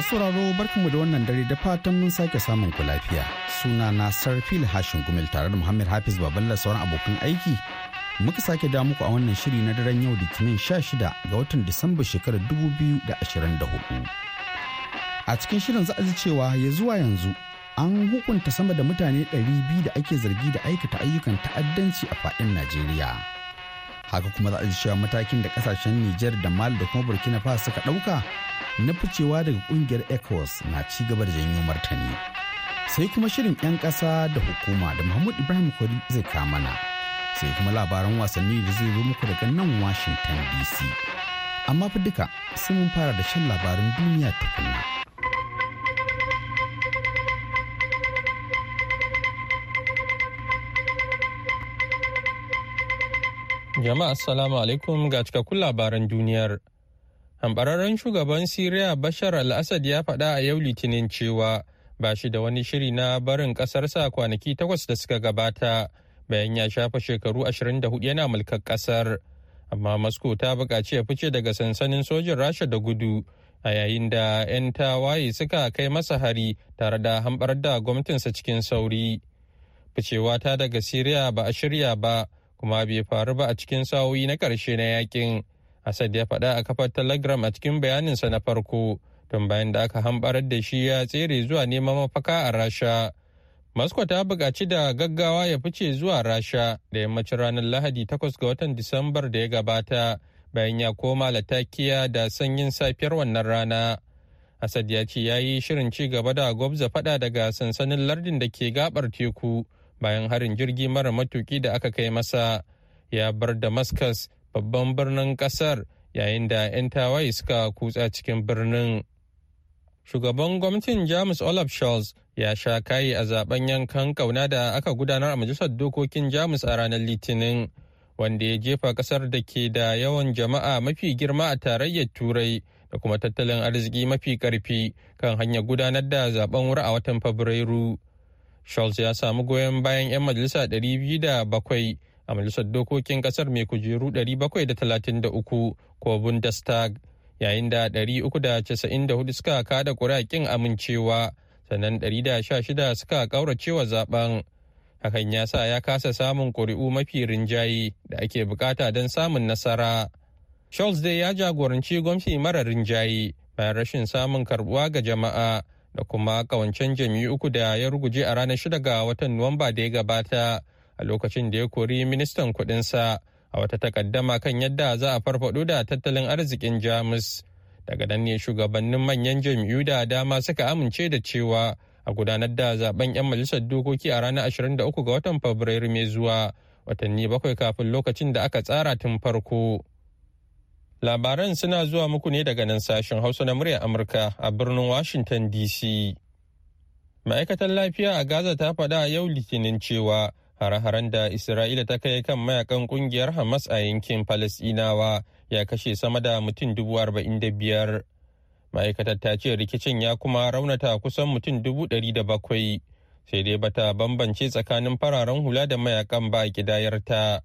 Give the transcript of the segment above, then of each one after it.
Masu sauraro barkinmu da wannan dare da fatan mun sake samun ku lafiya. Suna na Sarfil Hashin Gumel tare da Muhammad Hafiz Baballa sauran abokan aiki. Muka sake da muku a wannan shiri na daren yau Litinin 16 ga watan Disamba shekarar 2024. A cikin shirin za a ji cewa ya zuwa yanzu an hukunta sama da mutane 200 da ake zargi da aikata ayyukan ta'addanci a faɗin Najeriya. haka kuma za a ji cewa matakin da kasashen Nijar da Mali da kuma Burkina Faso suka ɗauka na ficewa daga kungiyar ECOWAS na ci gaba da janyo martani. Sai kuma shirin 'yan ƙasa da hukuma da Muhammad Ibrahim kori zai mana. Sai kuma labaran wasanni da zai zo muku daga nan Washington DC. Amma fa duka sai mun fara da shan labaran duniya tukunna. Jama'a Assalamu alaikum ga cikakkun labaran duniyar. Hambararren shugaban Siriya Bashar al-Assad ya faɗa a yau Litinin cewa ba shi da wani shiri na barin ƙasarsa kwanaki takwas da suka gabata bayan ya shafa shekaru 24 yana mulkar ƙasar. Amma masko ta buƙaci ya fice daga sansanin sojin Rasha da gudu a yayin da 'yan tawaye suka kai masa hari tare da hambar da gwamnatinsa cikin sauri. Ficewa ta daga Siriya ba a shirya ba. kuma bai faru ba a cikin sa'o'i na ƙarshe na yakin asad ya faɗa a kafar telegram a cikin bayaninsa na farko tun bayan da aka hambarar da shi ya tsere zuwa neman mafaka a rasha moscow ta buƙaci da gaggawa ya fice zuwa rasha da yammacin ranar lahadi 8 ga watan disambar da ya gabata bayan ya koma latakiya da sanyin safiyar wannan rana asad ya ce ya yi shirin ci gaba da gwabza faɗa daga sansanin lardin da ke gabar teku bayan harin jirgi mara matuki da aka kai masa ya bar damascus babban birnin kasar yayin da 'yan tawaye suka kutsa cikin birnin shugaban gwamnatin jamus olaf scholz ya sha kayi a zaben yankan kauna da aka gudanar a majalisar dokokin jamus a ranar litinin wanda ya jefa kasar da ke da yawan jama'a mafi girma a tarayyar turai da kuma tattalin arziki mafi karfi kan hanyar gudanar da zaben wura a watan fabrairu Scholz ya samu goyon bayan 'yan majalisa 207 a majalisar dokokin kasar mai kujeru 733 ko Bundestag yayin da 394 suka kada kurakin amincewa sannan 116 suka ƙauracewa zaben. Hakan ya sa ya kasa samun ƙuri'u mafi rinjaye da ake bukata don samun nasara. Scholz dai ya jagoranci gwamnati mara rinjaye bayan rashin samun karbuwa ga jama'a. da kuma kawancen jami'u uku da ya ruguje a ranar shida ga watan Nuwamba da ya gabata a lokacin da ya kori ministan kuɗinsa a wata takaddama kan yadda za a farfaɗo da tattalin arzikin Jamus. Daga nan ne shugabannin manyan jami'u da dama suka amince da cewa a gudanar da zaben 'yan majalisar dokoki a ranar 23 ga watan Fabrairu mai zuwa watanni bakwai kafin lokacin da aka tsara tun farko. Labaran suna zuwa muku ne daga nan sashen Hausa na muryar Amurka a birnin Washington DC. Ma'aikatar lafiya a Gaza ta faɗa a yau Litinin cewa hare-haren da Isra'ila ta kai kan mayakan ƙungiyar Hamas a yankin Falasɗinawa ya kashe sama da mutum dubu arba'in da biyar. Ma'aikatar ta ce rikicin ya kuma raunata kusan mutum dubu ɗari da bakwai. Sai dai bata bambance tsakanin fararen hula da mayakan ba a gidayarta.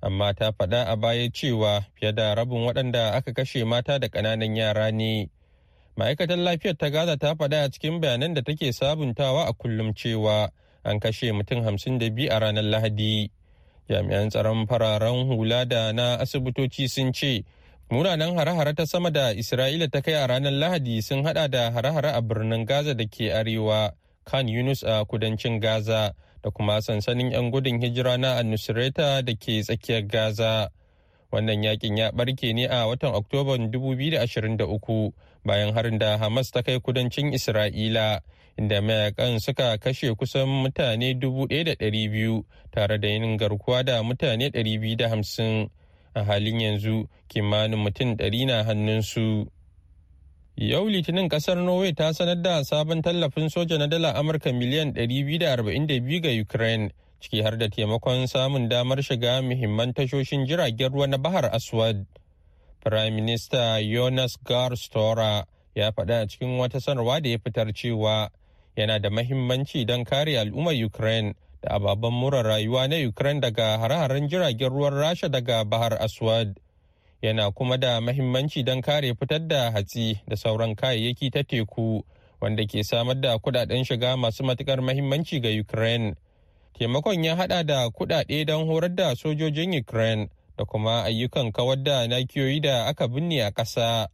amma ta faɗa a baya cewa fiye da rabin waɗanda aka kashe mata da ƙananan yara ne. Ma'aikatar lafiyar ta Gaza ta faɗa a cikin bayanan da take sabuntawa a kullum cewa an kashe mutum hamsin da biyu a ranar Lahadi. Jami'an tsaron fararen hula da na asibitoci sun ce munanan hare-hare ta sama da Isra'ila ta kai a ranar Lahadi sun haɗa da hare-hare a birnin Gaza da ke arewa, kan Yunus a kudancin Gaza. da kuma sansanin 'yan gudun hijira na annusireta da ke tsakiyar gaza wannan yakin ya barke ne a watan oktoban 2023 bayan harin da hamas ta kai kudancin isra'ila inda mayakan suka kashe kusan mutane 1,200 tare da yin garkuwa da mutane 250 a halin yanzu kimanin mutum 100 na hannunsu. Yau Litinin kasar Norway ta sanar da sabon tallafin soja na dala Amurka miliyan 242 ga Ukraine, ciki har da taimakon samun damar shiga muhimman tashoshin jiragen ruwa na Bahar Aswad. Prime Minister Jonas Gahr ya faɗa a cikin wata sanarwa da ya fitar cewa yana da mahimmanci don kare al'ummar Ukraine da ababen mura rayuwa na Ukraine daga hare-haren jiragen ruwan Rasha daga Bahar Aswad. yana kuma da mahimmanci don kare fitar da hatsi da sauran kayayyaki ta teku wanda ke samar da kudaden shiga masu matukar mahimmanci ga ukraine taimakon ya hada da kudade don horar da sojojin ukraine da kuma ayyukan kawar da nakiyoyi da aka binne a ƙasa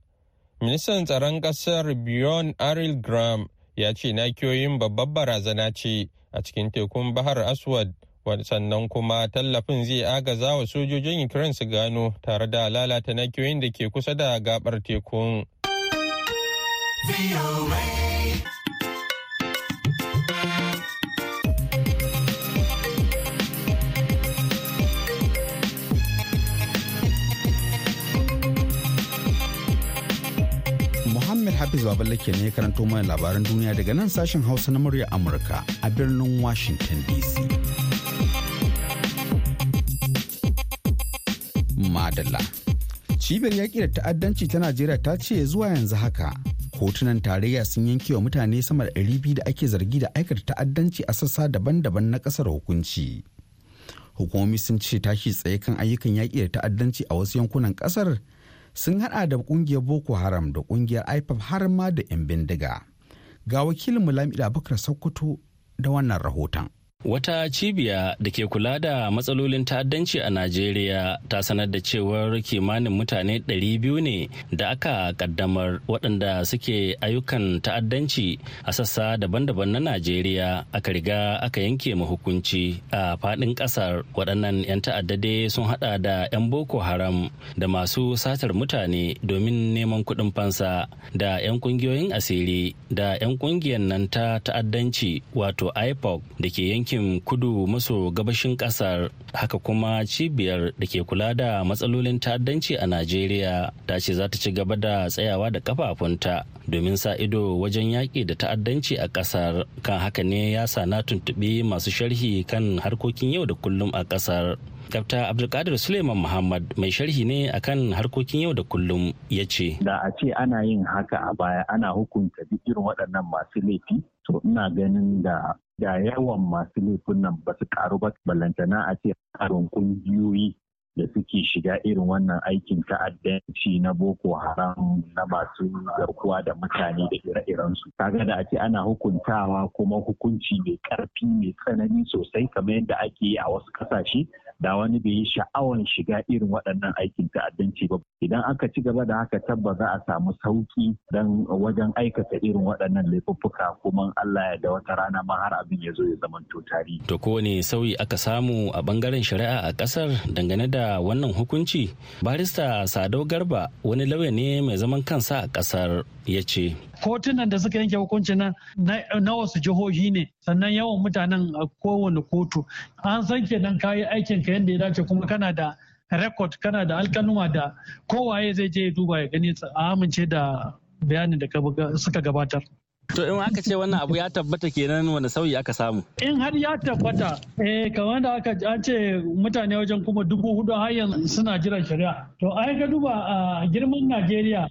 ministan tsaron ƙasar bjorn aril graham ya ce nakiyoyin babbar barazana ce a cikin tekun bahar aswad sannan kuma tallafin zai agaza wa sojojin ukraine su gano tare da lalata nakiyoyin da ke kusa da gabar tekun Muhammad Hafiz Baballe ke ne karanto mana labaran duniya daga nan sashen Hausa na murya Amurka a birnin Washington DC. Madalla. Cibiyar yaƙi da ta'addanci ta Najeriya ta ce zuwa yanzu haka hotunan tarayya sun yanke wa mutane sama da ɗari biyu da ake zargi da aikata ta'addanci a sassa daban-daban na ƙasar hukunci. Hukumomi sun ce tashi tsaye kan ayyukan yaƙi da ta'addanci a wasu yankunan ƙasar sun haɗa da ƙungiyar Boko Haram da ƙungiyar IPAP har ma da 'yan bindiga. Ga wakilin Mulamida Bakar Sokoto da wannan rahoton. Wata cibiya da ke kula da matsalolin ta'addanci a Najeriya ta sanar da cewar kimanin mutane 200 ne da aka kaddamar waɗanda suke ayyukan ta'addanci a sassa daban-daban na Najeriya aka riga aka yanke hukunci a faɗin ƙasar waɗannan 'yan ta'addade sun haɗa da 'yan Boko Haram da masu satar mutane domin neman kuɗin fansa da 'yan ƙungiyoyin asiri da 'yan ƙungiyar nan ta ta'addanci wato IPOC da ke yanke yankin kudu maso gabashin kasar haka kuma cibiyar da ke kula da matsalolin ta'addanci a najeriya ta ce za ta ci gaba da tsayawa da kafafunta domin sa ido wajen yaƙi da ta'addanci a ƙasar kan haka ne ya sa na tuntuɓi masu sharhi kan harkokin yau da kullum a kasar Kapta Abdulkadir Suleiman Muhammad mai sharhi ne akan harkokin yau da kullum ya ce. Da a ce ana yin haka a baya ana hukunta duk irin waɗannan masu laifi, to ina ganin da da yawan masu laifin nan ba su karu ba ballantana a ce karin kungiyoyi da suke shiga irin wannan aikin ta'addanci na boko haram na masu garkuwa da mutane da ire-irensu kaga da a ce ana hukuntawa kuma hukunci mai karfi mai tsanani sosai kamar yadda ake yi a wasu kasashe da wani bai yi sha'awan shiga irin waɗannan aikin ta'addanci ba idan aka ci gaba da haka tabba za a samu sauki dan wajen aikata irin waɗannan laifuffuka kuma Allah ya da wata rana ma har abin ya zo ya zama to tarihi to ko kowane sauyi aka samu a bangaren shari'a a ƙasar dangane da wannan hukunci barista Sadau Garba wani lauya ne mai zaman kansa a ƙasar ya ce kotunan da suka yanke hukuncin na wasu jihohi ne sannan yawan mutanen a kowane kotu an san kenan yi aikin ka yadda ya dace kuma kana da rekod kana da alkaluma da kowaye zai je ya duba ya gani a amince da bayanin da suka gabatar To in aka ce wannan abu ya tabbata kenan wani sauyi aka samu? In har ya tabbata, eh kamar da aka an ce mutane wajen kuma dubu hudu har yanzu suna jiran shari'a. To ai ka duba a girman Najeriya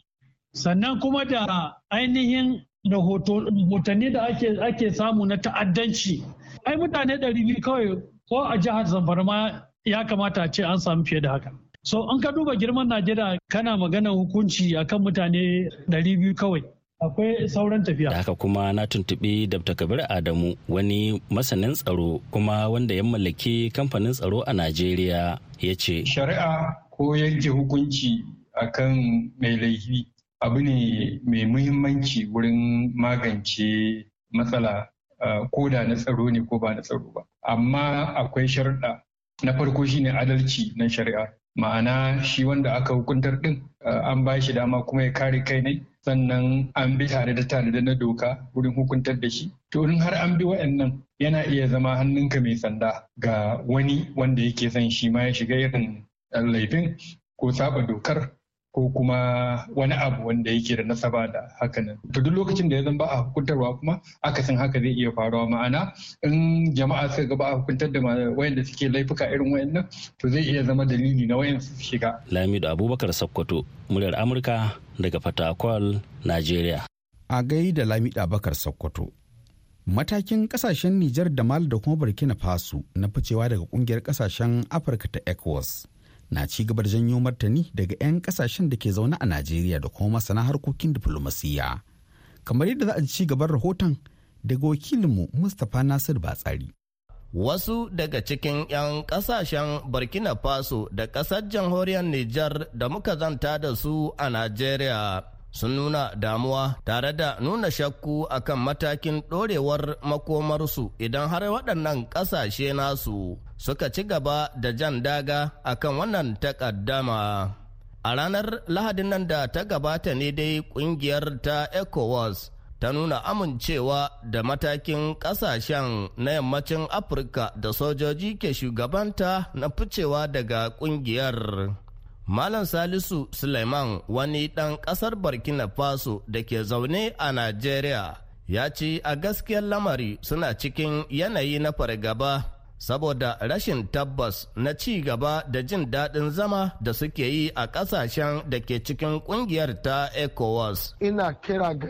sannan kuma da ainihin rahotanni da ake samu na ta'addanci ai mutane ɗari biyu kawai ko a jihar zamfara ma ya kamata a ce an samu fiye da haka so an ka duba girman najeriya kana magana hukunci akan mutane ɗari biyu kawai akwai sauran tafiya. Da haka kuma na tuntuɓi Dr. Kabir Adamu wani masanin tsaro kuma wanda ya mallaki kamfanin tsaro a Najeriya ya ce. Shari'a ko yanke hukunci akan mai laifi abu ne mai muhimmanci wurin magance matsala ko da na tsaro ne ko ba na tsaro ba amma akwai sharɗa na farko shine adalci na shari'a ma'ana shi wanda aka hukuntar ɗin, an ba shi dama kuma ya kare kai ne sannan an bi tare da tare da na doka wurin hukuntar da shi to in har an bi wa'annan yana iya zama hannunka mai sanda ga wani wanda yake son shi ma ya shiga irin laifin ko saba dokar ko kuma wani abu wanda yake da nasaba da hakanan to duk lokacin da ya zama ba a hukuntarwa kuma akasin haka zai iya faruwa ma'ana in jama'a suka ga a hukuntar da wayanda suke laifuka irin wayannan to zai iya zama dalili na wayan su shiga Lamido Abubakar Sokoto muryar Amurka daga Fatakwal Najeriya a gaida Lamido Abubakar Sokoto matakin kasashen Nijar da Mali da kuma Burkina Faso na ficewa daga kungiyar kasashen Afirka ta ECOWAS na ci da janyo martani daga 'yan kasashen da ke zaune a Najeriya da kuma masana harkokin diflomasiyya. Kamar yadda za a ci gaban rahoton daga wakilinmu Mustapha Nasir Batsari. Wasu daga cikin 'yan kasashen Burkina Faso da ƙasar jamhuriyar Nijar da muka zanta da su a Najeriya sun nuna damuwa tare da nuna shakku akan matakin ɗorewar makomarsu idan har waɗannan ƙasashe nasu suka ci gaba da jan daga akan wannan takaddama. A ranar Lahadin nan da ta gabata ne dai kungiyar ta ECOWAS ta nuna amincewa da matakin kasashen na yammacin Afirka da sojoji ke shugabanta na ficewa daga kungiyar. Malam Salisu Suleiman wani ɗan ƙasar Burkina Faso da ke zaune a Najeriya ya ce a gaskiyar lamari suna cikin yanayi na fargaba saboda rashin tabbas na ci gaba da jin daɗin zama da suke yi a ƙasashen da ke cikin ƙungiyar ta ECOWAS. Ina kira ga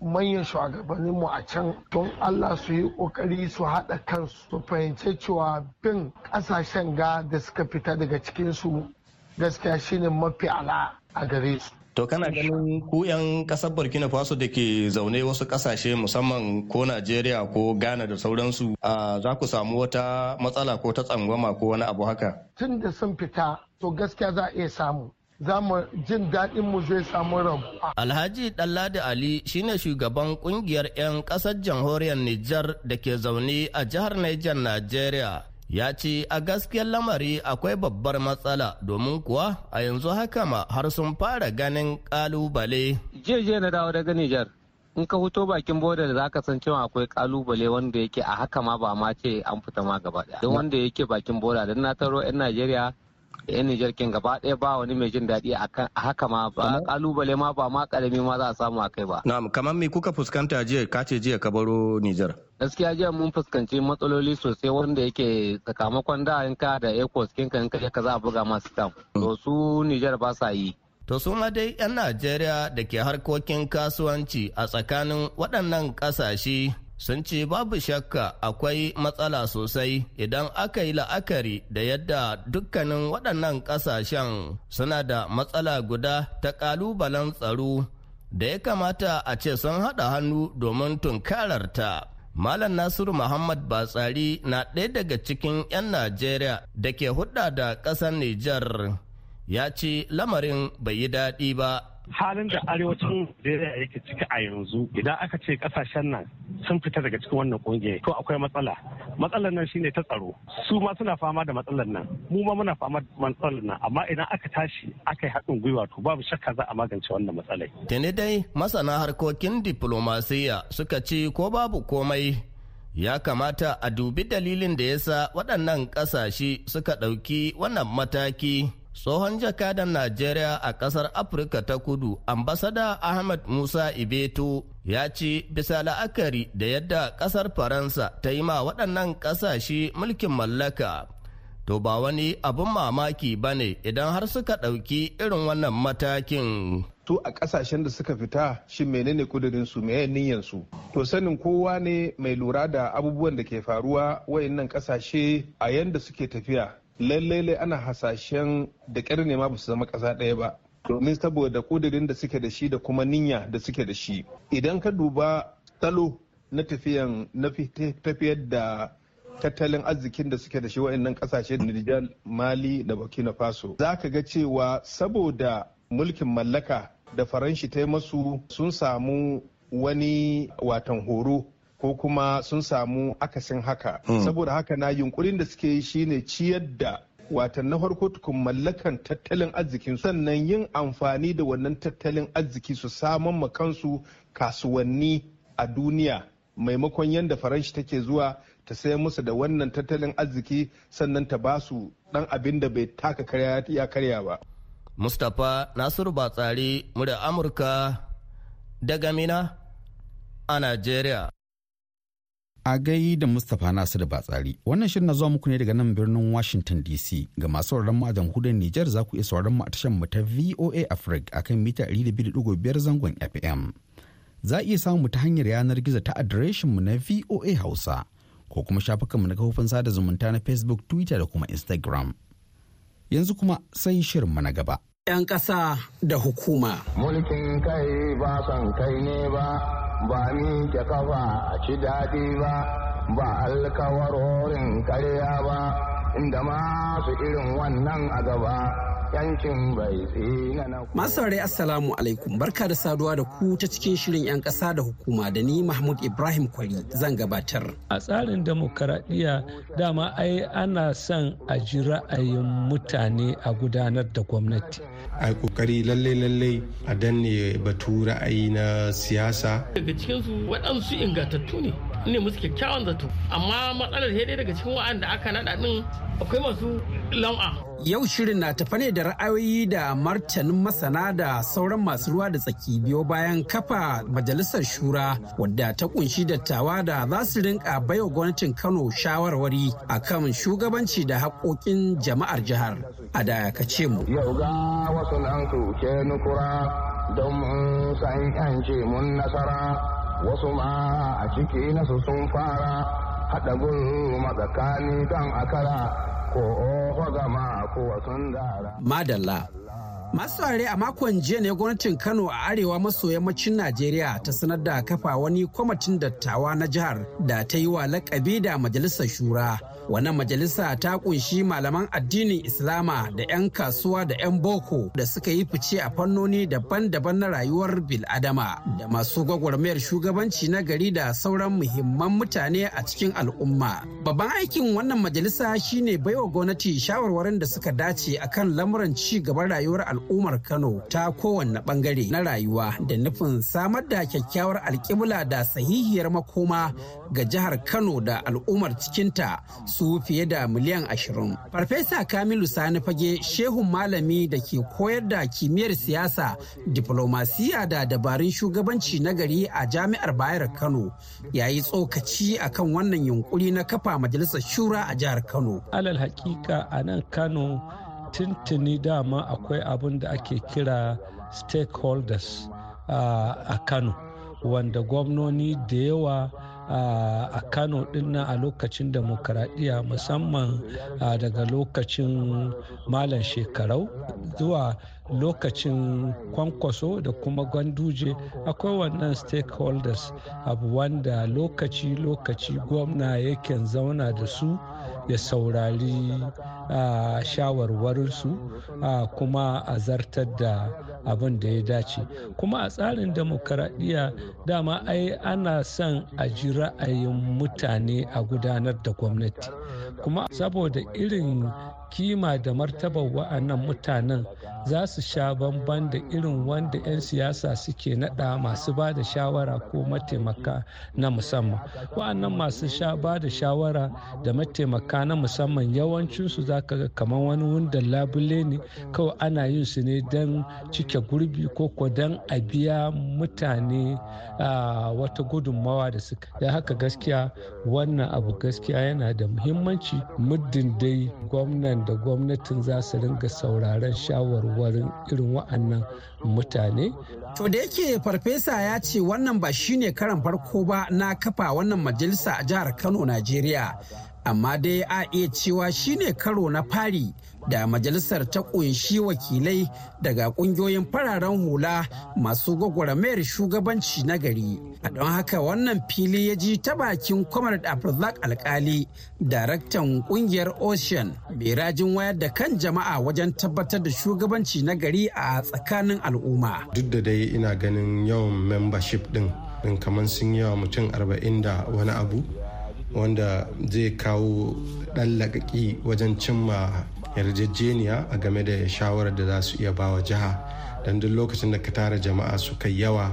manyan shugabanninmu a can don Allah su yi ƙoƙari su haɗa kansu su fahimci cewa bin ƙasashen ga da suka fita daga cikinsu gaskiya shine mafi ala a gare su. To kana ganin ku 'yan kasar Burkina Faso da ke zaune wasu kasashe musamman ko Najeriya ko Ghana da sauransu za ku samu wata matsala ko ta tsangwama ko wani abu haka? Tun da sun fita to gaskiya za a iya samu. za mu jin daɗin mu zai samu rabuwa. Alhaji Ɗanladi Ali shine shugaban kungiyar 'yan ƙasar jamhuriyar Nijar da ke zaune a jihar Nijar, Najeriya. ya ce a gaskiyar lamari akwai babbar matsala domin kuwa a yanzu haka ma har sun fara ganin kalubale. jiya na dawo daga Nijar in ka huto bakin boda da zaka san cewa akwai kalubale wanda yake a haka ma ba ma ce an fita ma gaba daya don wanda yake bakin boda don na taro yan Najeriya yan Nijar kin gaba ɗaya ba wani mai jin daɗi a haka ma ba kalubale ma ba ma karami ma za a samu a kai ba. Na'am kamar me kuka fuskanta jiya ka ce jiya ka baro Nijar. Gaskiya jiya mun fuskanci matsaloli sosai wanda yake sakamakon da in ka da ecos kin ka in ka za a buga masu tam. Mm. To su Nijar ba sa yi. To su ma dai 'yan Najeriya da ke harkokin kasuwanci a tsakanin waɗannan ƙasashe sun ce babu shakka akwai matsala sosai idan aka yi la'akari da yadda dukkanin waɗannan ƙasashen suna da matsala guda ta ƙalubalen tsaro da ya kamata a ce sun haɗa hannu domin tunkararta. Malam Nasiru Muhammad Batsari na ɗaya daga cikin 'yan Najeriya da ke hudda da ƙasar Nijar ya ce lamarin bai yi daɗi ba halin da arewacin Najeriya yake ciki a yanzu idan aka ce kasashen nan sun fita daga cikin wannan kungiyar to akwai matsala matsalar nan shine ta tsaro su ma suna fama da matsalar nan mu ma muna fama da matsalar nan amma idan aka tashi aka yi haɗin gwiwa to babu shakka za a magance wannan matsalai tuni dai masana harkokin diplomasiya suka ce ko babu komai ya kamata a dubi dalilin da yasa waɗannan ƙasashe suka ɗauki wannan mataki tsohon jakadan najeriya a kasar afirka ta kudu ambasada ahmad musa ibeto ya ce bisa la'akari da yadda kasar faransa ta yi ma waɗannan ƙasashe mulkin mallaka to ba wani abin mamaki ba ne idan har suka ɗauki irin wannan matakin. To a ƙasashen da suka fita shi menene ƙudurinsu meye niyyansu. To sanin kowa ne mai lura da abubuwan da ke faruwa wayannan ƙasashe a yanda suke tafiya lallai ana hasashen da ƙyar ne ma ba zama ƙasa ɗaya ba domin saboda ƙudurin da suke da shi da kuma niyya da suke da shi idan ka duba salo na tafiyan na tafiyar da tattalin arzikin da suke da shi wa'annan kasashe da Nijar, Mali da Burkina Faso. Za ka ga cewa saboda mulkin mallaka da faranshi ta masu sun samu wani watan horo ko kuma sun samu akasin haka hmm. saboda haka na yunkurin da suke yi shine ciyar da watan na farko tukun mallakan tattalin arzikin sannan yin amfani da wannan tattalin arziki su saman ma kansu kasuwanni a duniya maimakon yadda faranshi take zuwa ta sayar musu da wannan tattalin arziki sannan ta ba su dan abin da bai taka karya ya karya ba mustapha nasiru batsari murya amurka daga mina a najeriya a gai da mustapha nasu da batsari wannan shirin na zuwa muku ne daga nan birnin washington dc ga masu sauraron mu a jamhuriyar niger za ku iya sauraron mu a tashar mu ta voa africa akan mita 200.5 zangon fm za a iya samun mu ta hanyar yanar gizo ta adireshin mu na voa hausa ko kuma shafukan mu na kafofin sada zumunta na facebook twitter da kuma instagram yanzu kuma sai shirin mu na gaba 'yan ƙasa da hukuma. Mulkin kai ba son kai ne ba, ba ni ke kafa a ci daɗi ba, ba alkawarorin karya ba, inda masu irin wannan a gaba. Masu rai Assalamu alaikum barka da saduwa da ku ta cikin shirin 'yan ƙasa da hukuma da ni Mahmud Ibrahim Kwari zan gabatar. A tsarin demokaradiyya dama ai ana son a ji ra'ayin mutane a gudanar da gwamnati. a kokari lalle lalle a danne batu ra'ayi na siyasa daga cikinsu waɗansu ingantattu ne ne musu kyakkyawan zato amma matsalar sai daga cikin wa'anda aka nada din akwai masu lam'a yau shirin na tafa ne da ra'ayoyi da martanin masana da sauran masu ruwa da tsaki biyo bayan kafa majalisar shura wadda ta kunshi dattawa da za su rinka baiwa gwamnatin kano shawarwari a kan shugabanci da haƙoƙin jama'ar jihar a da ka ce mu don mun san mun nasara wasu ma a ciki nasu sun fara haɗa gulma tsakani don akara ko oho gama ko wasu dara. Madalla. Masu saurare a makon jiya ne gwamnatin Kano a arewa maso yammacin Najeriya ta sanar da kafa wani kwamitin dattawa na jihar da ta yi wa lakabi da majalisar shura Wannan majalisa ta kunshi malaman addinin Islama da 'yan kasuwa da 'yan boko da suka yi fice a fannoni daban-daban na rayuwar bil'adama da masu gwagwarmayar shugabanci na gari da sauran muhimman mutane a cikin al'umma. Babban aikin wannan majalisa shine baiwa gwamnati shawarwarin da suka dace akan lamuran ci gaban rayuwar al'ummar Kano ta kowanne bangare na rayuwa da nufin samar da kyakkyawar alkibla da sahihiyar makoma ga jihar Kano da al'ummar cikinta su fiye da miliyan ashirin. Farfesa Kamilu Sani Fage shehun malami da ke koyar da kimiyyar siyasa, diplomasiya da dabarun shugabanci na gari a jami'ar Bayar Kano ya yi tsokaci a kan wannan yunkuri na kafa majalisar shura a jihar Kano. Alal hakika a nan Kano tuntuni dama akwai abin da ake kira stakeholders ah, a Kano wanda gwamnoni da yawa a kano dinnan a lokacin demokaradiyya musamman daga lokacin malam shekarau zuwa lokacin kwankwaso da kuma gwanduje akwai wannan stakeholders abu wanda lokaci-lokaci gwamna yakan zauna da su ya saurari shawarwarinsu kuma a zartar da abin da ya dace kuma a tsarin demokaradiyya dama ai ana son a ji ra'ayin mutane a gudanar da gwamnati kuma saboda irin kima da martabar wa'annan mutanen za su sha bamban da irin wanda 'yan siyasa suke nada masu ba da shawara ko mataimaka na musamman wa'annan masu sha ba da shawara da mataimaka na musamman yawancinsu za ka ga kamar wani wundan labule ne kawai ana yin su ne don cike gurbi ko ko don a biya mutane wata gudunmawa da suka da haka gaskiya wannan abu gaskiya yana da muhimmanci muddin dai gwamnan da gwamnatin za su ringa sauraron shawarwari rayuwar irin wa'annan mutane. To da yake farfesa ya ce wannan ba shi ne karan farko ba na kafa wannan majalisa a jihar Kano, Najeriya. Amma dai a iya cewa shi ne karo na fari da majalisar ta kunshi wakilai daga kungiyoyin fararen hula masu gwagwarmayar shugabanci na gari a don haka wannan fili ya ji ta bakin comrade abdulzak alkali daraktan kungiyar ocean mai rajin wayar da kan jama'a wajen tabbatar da shugabanci na gari a tsakanin al'umma duk da dai ina ganin yawan membership din din kamar sun yawa mutum arba'in da wani abu wanda zai kawo ɗan lagaki wajen cimma yarjejeniya a game da shawarar da za su iya bawa jiha don duk lokacin da ka tara jama'a su kai yawa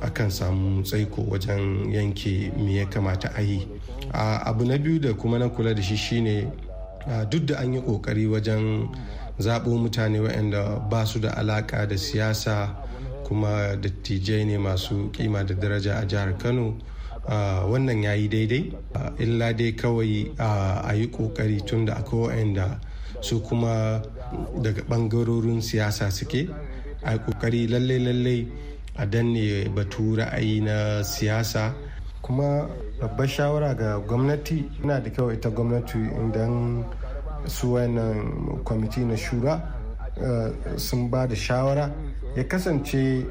akan samu tsaiko wajen yanke me ya kamata a yi abu na biyu da kuma na kula da shi shine duk da an yi kokari wajen zaɓo mutane waɗanda ba su da alaƙa da siyasa kuma dattijai ne masu kima da daraja a jihar kano wannan ya yi daidai illa dai kawai a yi kokari tun da akwai waɗanda su kuma daga bangarorin siyasa suke a kokari lallai lallai a danne batu ra'ayi na siyasa kuma babbar shawara ga gwamnati yana da kyau ita gwamnati idan su wannan kwamiti na shura eh, sun ba da shawara ya kasance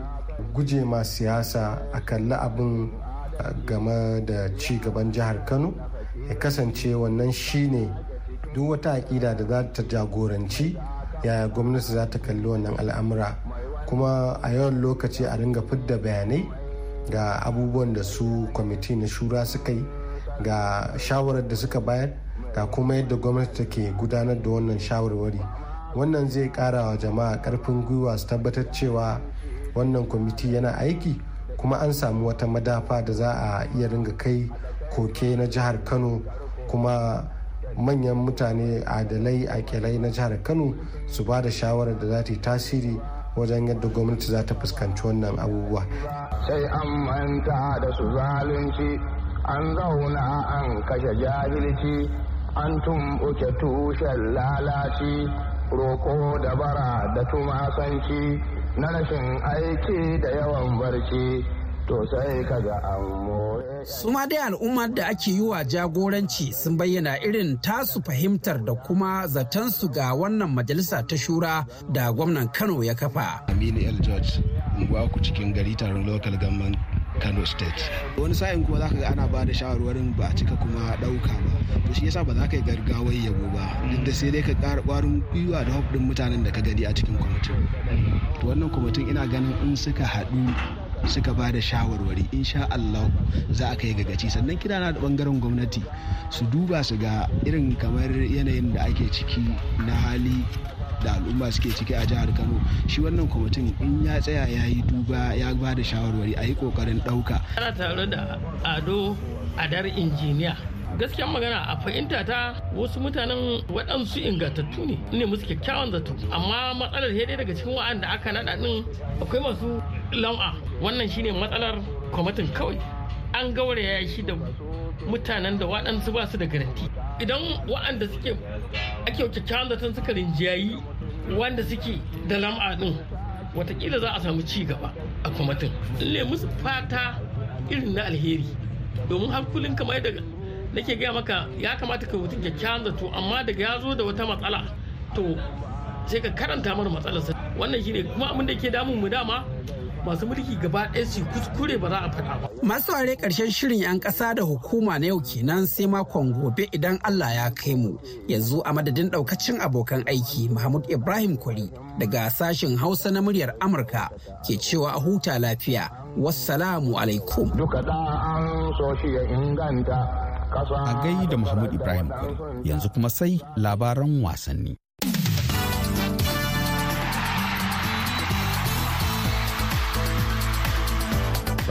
guje ma siyasa a kalli abin eh, game da ci gaban jihar kano ya kasance wannan shine duk wata aƙida da za ta jagoranci yaya gwamnati za ta kalli wannan al'amura kuma a yawan lokaci a ringa fidda bayanai ga abubuwan da su kwamiti na shura suka yi ga shawarar da suka bayar ga kuma yadda gwamnati take gudanar da wannan shawarwari wannan zai kara wa jama'a karfin gwiwa su tabbatar cewa wannan kwamiti yana aiki kuma an samu wata madafa da za a iya ringa kai koke na jihar kano kuma manyan mutane adalai a kilai na jihar kano su ba da shawarar da za ta yi tasiri wajen yadda gwamnati za ta fuskanci wannan abubuwa sai an manta da su zalunci an zauna an kashe jahilci an tumɓuke tushen lalaci roko da bara da tumasanci na rashin aiki da yawan barci to sai kaga an su ma dai al'ummar da ake yi wa jagoranci sun bayyana irin tasu fahimtar da kuma zaton su ga wannan majalisa ta shura da gwamnan kano ya kafa aminu El george ba ku cikin gari taron local government kano state wani sa'in kuma za ka ga ana ba da shawarwarin ba a cika kuma ɗauka ba to shi yasa ba za ka yi gargawai yabo ba duk da sai dai ka ƙara ƙwarin gwiwa da hop mutanen da ka gani a cikin kwamitin to wannan kwamitin ina ganin in suka haɗu suka ba da shawarwari sha Allah za a kai gagaci sannan kira na da bangaren gwamnati su duba su ga irin kamar yanayin da ake ciki na hali da al'umma suke ciki a jihar kano shi wannan kwamitin in ya tsaya ya yi duba ya ba da shawarwari a yi kokarin ɗauka. tare da ado adar injiniya gaskiyar magana a fahimta ta wasu mutanen waɗansu ingantattu ne ne musu kyakkyawan zato amma matsalar ya daga cikin wa'anda aka naɗa ɗin akwai masu lam'a wannan shine matsalar kwamitin kawai an gauraya shi da mutanen da waɗansu ba su da garanti idan wa'anda suke ake kyakkyawan zaton suka rinjayi wanda suke da lam'a ɗin watakila za a samu ci gaba a kwamitin le musu fata irin na alheri domin har kullum kamar nake gaya maka ya kamata ka wuta kyakkyawan zato amma daga ya zo da wata matsala to sai ka karanta mana matsalarsa wannan shine kuma abin da ke damun mu dama masu mulki gaba ɗaya su kuskure ba za a faɗa ba. Masu ware ƙarshen shirin 'yan ƙasa da hukuma na yau kenan sai makon gobe idan Allah ya kai mu. Yanzu a madadin ɗaukacin abokan aiki Mahmud Ibrahim Kwari daga sashen Hausa na muryar Amurka ke cewa a huta lafiya. Wassalamu alaikum. Duka da an A gai da Mahmud Ibrahim Kwari yanzu kuma sai labaran wasanni.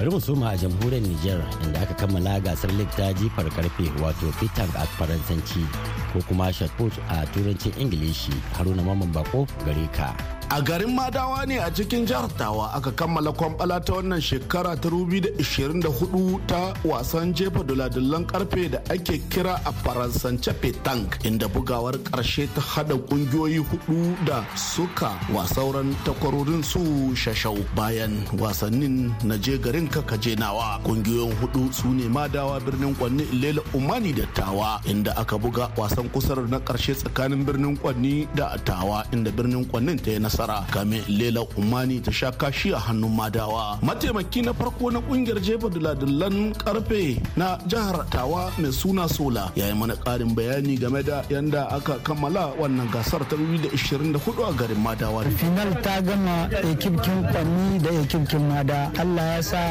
bari mu soma a jamhuriyar nijar inda aka kammala gasar lig ta jifar karfe wato pitang a faransanci ko kuma shotput a turancin ingilishi haruna mamman bako gare ka a garin madawa ne a cikin jihar tawa aka kammala kwamfala ta wannan shekara ta 2024 ta wasan jefa duladullan karfe da ake kira a faransance petang inda bugawar karshe ta hada kungiyoyi hudu da suka wasauran takwarorin su shashau bayan wasannin na je garin je nawa kungiyoyin hudu su ne madawa birnin kwanni lela umani da tawa inda aka buga wasan kusar na karshe tsakanin birnin kwanni da tawa inda birnin kwannin ta yi nasara kamin lela umani ta sha kashi a hannun madawa mataimaki na farko na kungiyar jefa duladulan karfe na jihar tawa mai suna sola ya yi mana karin bayani game da yanda aka kammala wannan gasar ta 2024 a garin madawa final ta gama ekipkin kwani da ekipkin mada allah ya sa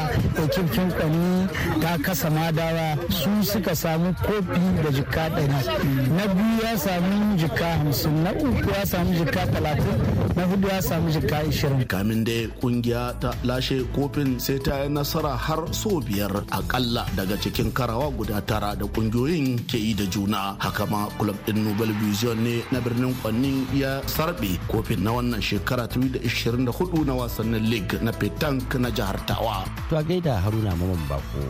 ekipkin kwani ta kasa madawa su suka samu kofi da jika 100 na biyu ya samu jika hamsin na uku ya samu jika na hudu ya samu jika 20 kamin dai kungiya ta lashe kofin sai ta yi nasara har so biyar akalla daga cikin karawa guda tara da kungiyoyin ke yi da juna haka ma club din nobel vision ne na birnin kwanni ya sarbe kofin na wannan shekara 2024 na wasannin league na petank na jihar tawa to a gaida haruna mamman bako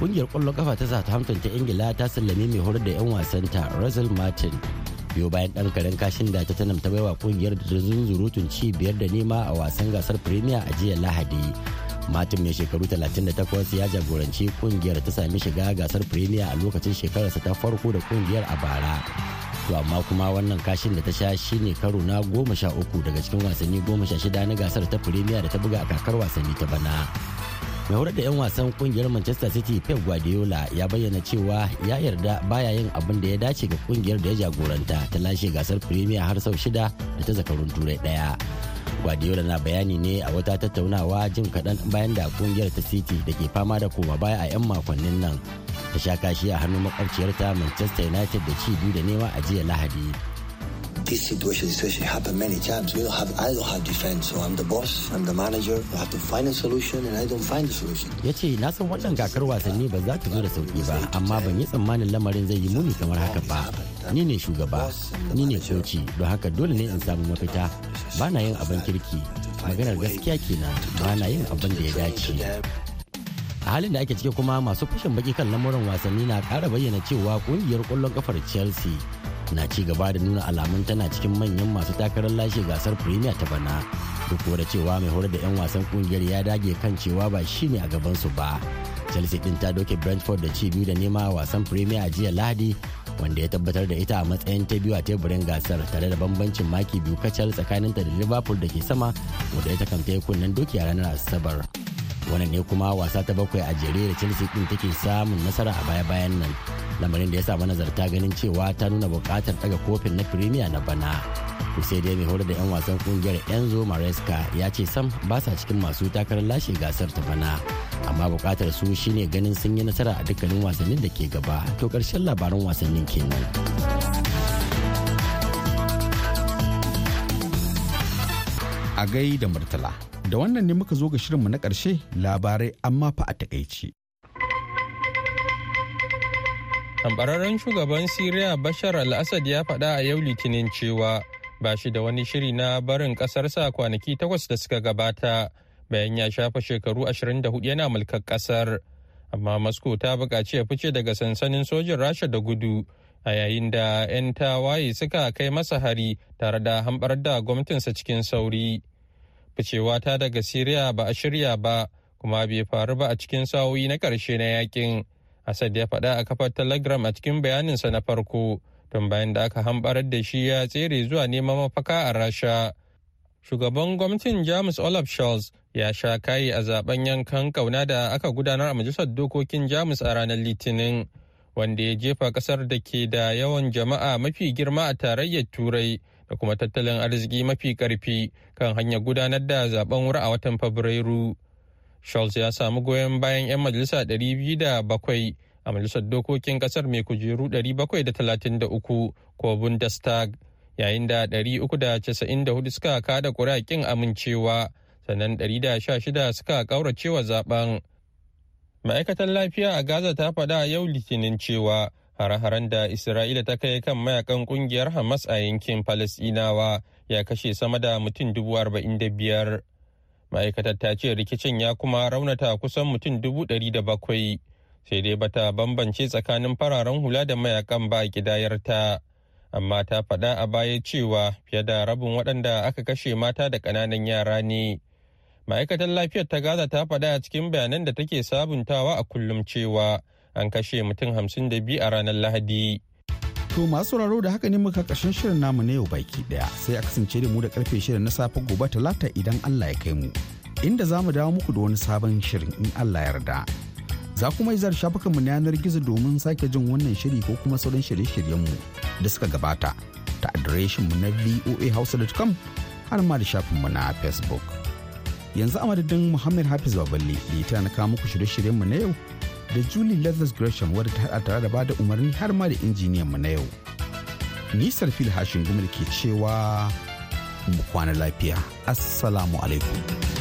kungiyar kwallon kafa ta southampton ta ingila ta sallame mai horar da 'yan wasanta russell martin biyo bayan ɗan karen kashin da tottenham ta baiwa kungiyar da ta zunzurutun ci biyar da nema a wasan gasar premier a jiya lahadi martin mai shekaru 38 ya jagoranci kungiyar ta sami shiga gasar premier a lokacin shekararsa ta farko da kungiyar a bara to amma kuma wannan kashin da ta sha shine karo na goma sha uku daga cikin wasanni goma sha shida na gasar ta premier da ta buga a kakar wasanni ta bana mai horar da 'yan wasan kungiyar manchester city pep guardiola ya bayyana cewa ya yarda baya yin abin da ya dace ga kungiyar da ya jagoranta ta lashe gasar premier har sau shida da ta zakarun turai daya guardiola na bayani ne a wata tattaunawa jin kaɗan bayan da kungiyar ta city da ke fama da koma baya a 'yan makonnin nan ta sha kashi a hannun makwabciyarta manchester united da ci biyu da nema a jiya lahadi situation this situation happened many times. We don't have, I don't have defense, so I'm the boss, I'm the manager. I have to find a solution, and I don't find a solution. Ya ce, na san wannan kakar wasanni ba za ta zo da sauki ba, amma ban yi tsammanin lamarin zai yi muni kamar haka ba. Ni ne shugaba, ni ne coci, don haka dole ne in samu mafita. Ba na yin abin kirki, maganar gaskiya kenan ba na yin abin da ya dace. a halin da ake ciki kuma masu fashin baki kan lamuran wasanni na kara bayyana cewa kungiyar kwallon kafar chelsea na ci gaba da nuna alamun tana cikin manyan masu takarar lashe gasar premier ta bana duk da cewa mai horar da 'yan wasan kungiyar ya dage kan cewa ba shi ne a gabansu ba chelsea din ta doke brentford da ci biyu da nema wasan premier a jiya lahadi wanda ya tabbatar da ita a matsayin ta biyu a teburin gasar tare da bambancin maki biyu kacal tsakaninta da liverpool da ke sama wadda ita kan ta yi kunnen doki a ranar asabar wannan ne kuma wasa ta bakwai a jere da chelsea din take samun nasara a baya-bayan nan lamarin da ya samu nazarta ganin cewa ta nuna bukatar daga kofin na premier na bana to sai dai mai horar da 'yan wasan kungiyar enzo maresca ya ce sam ba sa cikin masu takarar lashe gasar ta bana amma bukatar su shine ganin sun yi nasara a dukkanin wasannin da ke gaba to karshen labaran wasannin kenan. a gai da murtala da wannan ne muka zo ga shirinmu na ƙarshe labarai amma fa a takaici tambararren shugaban siriya bashar al-assad ya faɗa a yau litinin cewa ba shi da wani shiri na barin ƙasarsa kwanaki takwas da suka gabata bayan ya shafa shekaru 24 yana mulkar ƙasar amma moscow ta buƙaci ya fice daga sansanin sojin rasha da gudu a yayin da 'yan tawaye suka kai masa hari tare da hambar da gwamnatinsa cikin sauri. Ficewa ta daga Siriya ba a shirya ba kuma bai faru ba a cikin sa'o'i na ƙarshe na yakin. Asad ya faɗa a kafar Telegram a cikin bayaninsa na farko tun bayan da aka hambar da shi ya tsere zuwa neman mafaka a Rasha. Shugaban gwamnatin Jamus Olaf Scholz ya sha kayi a zaben yankan kauna da aka gudanar a majalisar dokokin Jamus a ranar Litinin. wanda ya jefa kasar da ke da yawan jama'a mafi girma a tarayyar turai da kuma tattalin arziki mafi karfi kan hanyar gudanar da zaben wuri a watan fabrairu charles ya samu goyon bayan 'yan majalisa 207 a majalisar dokokin kasar mai kujeru 733 ko bundestag yayin da 394 suka kada ƙuri'a amincewa sannan 116 suka ƙauracewa zaben. zaben ma'aikatar lafiya a gaza ta faɗa yau litinin cewa hare-haren da isra'ila ta kai kan mayakan kungiyar hamas a yankin falasinawa ya kashe sama da mutum dubu arba'in da biyar ma'aikatar ta ce rikicin ya kuma raunata kusan mutum dubu ɗari da bakwai sai dai bata bambance tsakanin fararen hula da mayakan ba gidayarta amma ta faɗa a baya cewa fiye da rabin waɗanda aka kashe mata da ƙananan yara ne ma'aikatar lafiyar ta gaza ta faɗa a cikin bayanan da take sabuntawa a kullum cewa an kashe mutum hamsin da biyu a ranar lahadi to masu sauraro da haka ne muka ƙarshen shirin namu na yau baki ɗaya sai a kasance da mu da karfe shirin na safe gobe talata idan allah ya kai mu inda za mu dawo muku da wani sabon shirin in allah yarda za kuma izar mu na yanar gizo domin sake jin wannan shiri ko kuma sauran shirye shiryen mu da suka gabata ta mu na voa hausa.com har ma da mu na facebook yanzu a madadin muhammad hafiz baballe da ita na kawo muku shirye-shiryenmu na yau da julie leathers gresham wadda ta hada tare da ba da umarni har ma da injiniyan mu na yau nisar fil hashin gumar ke cewa mu kwana lafiya assalamu alaikum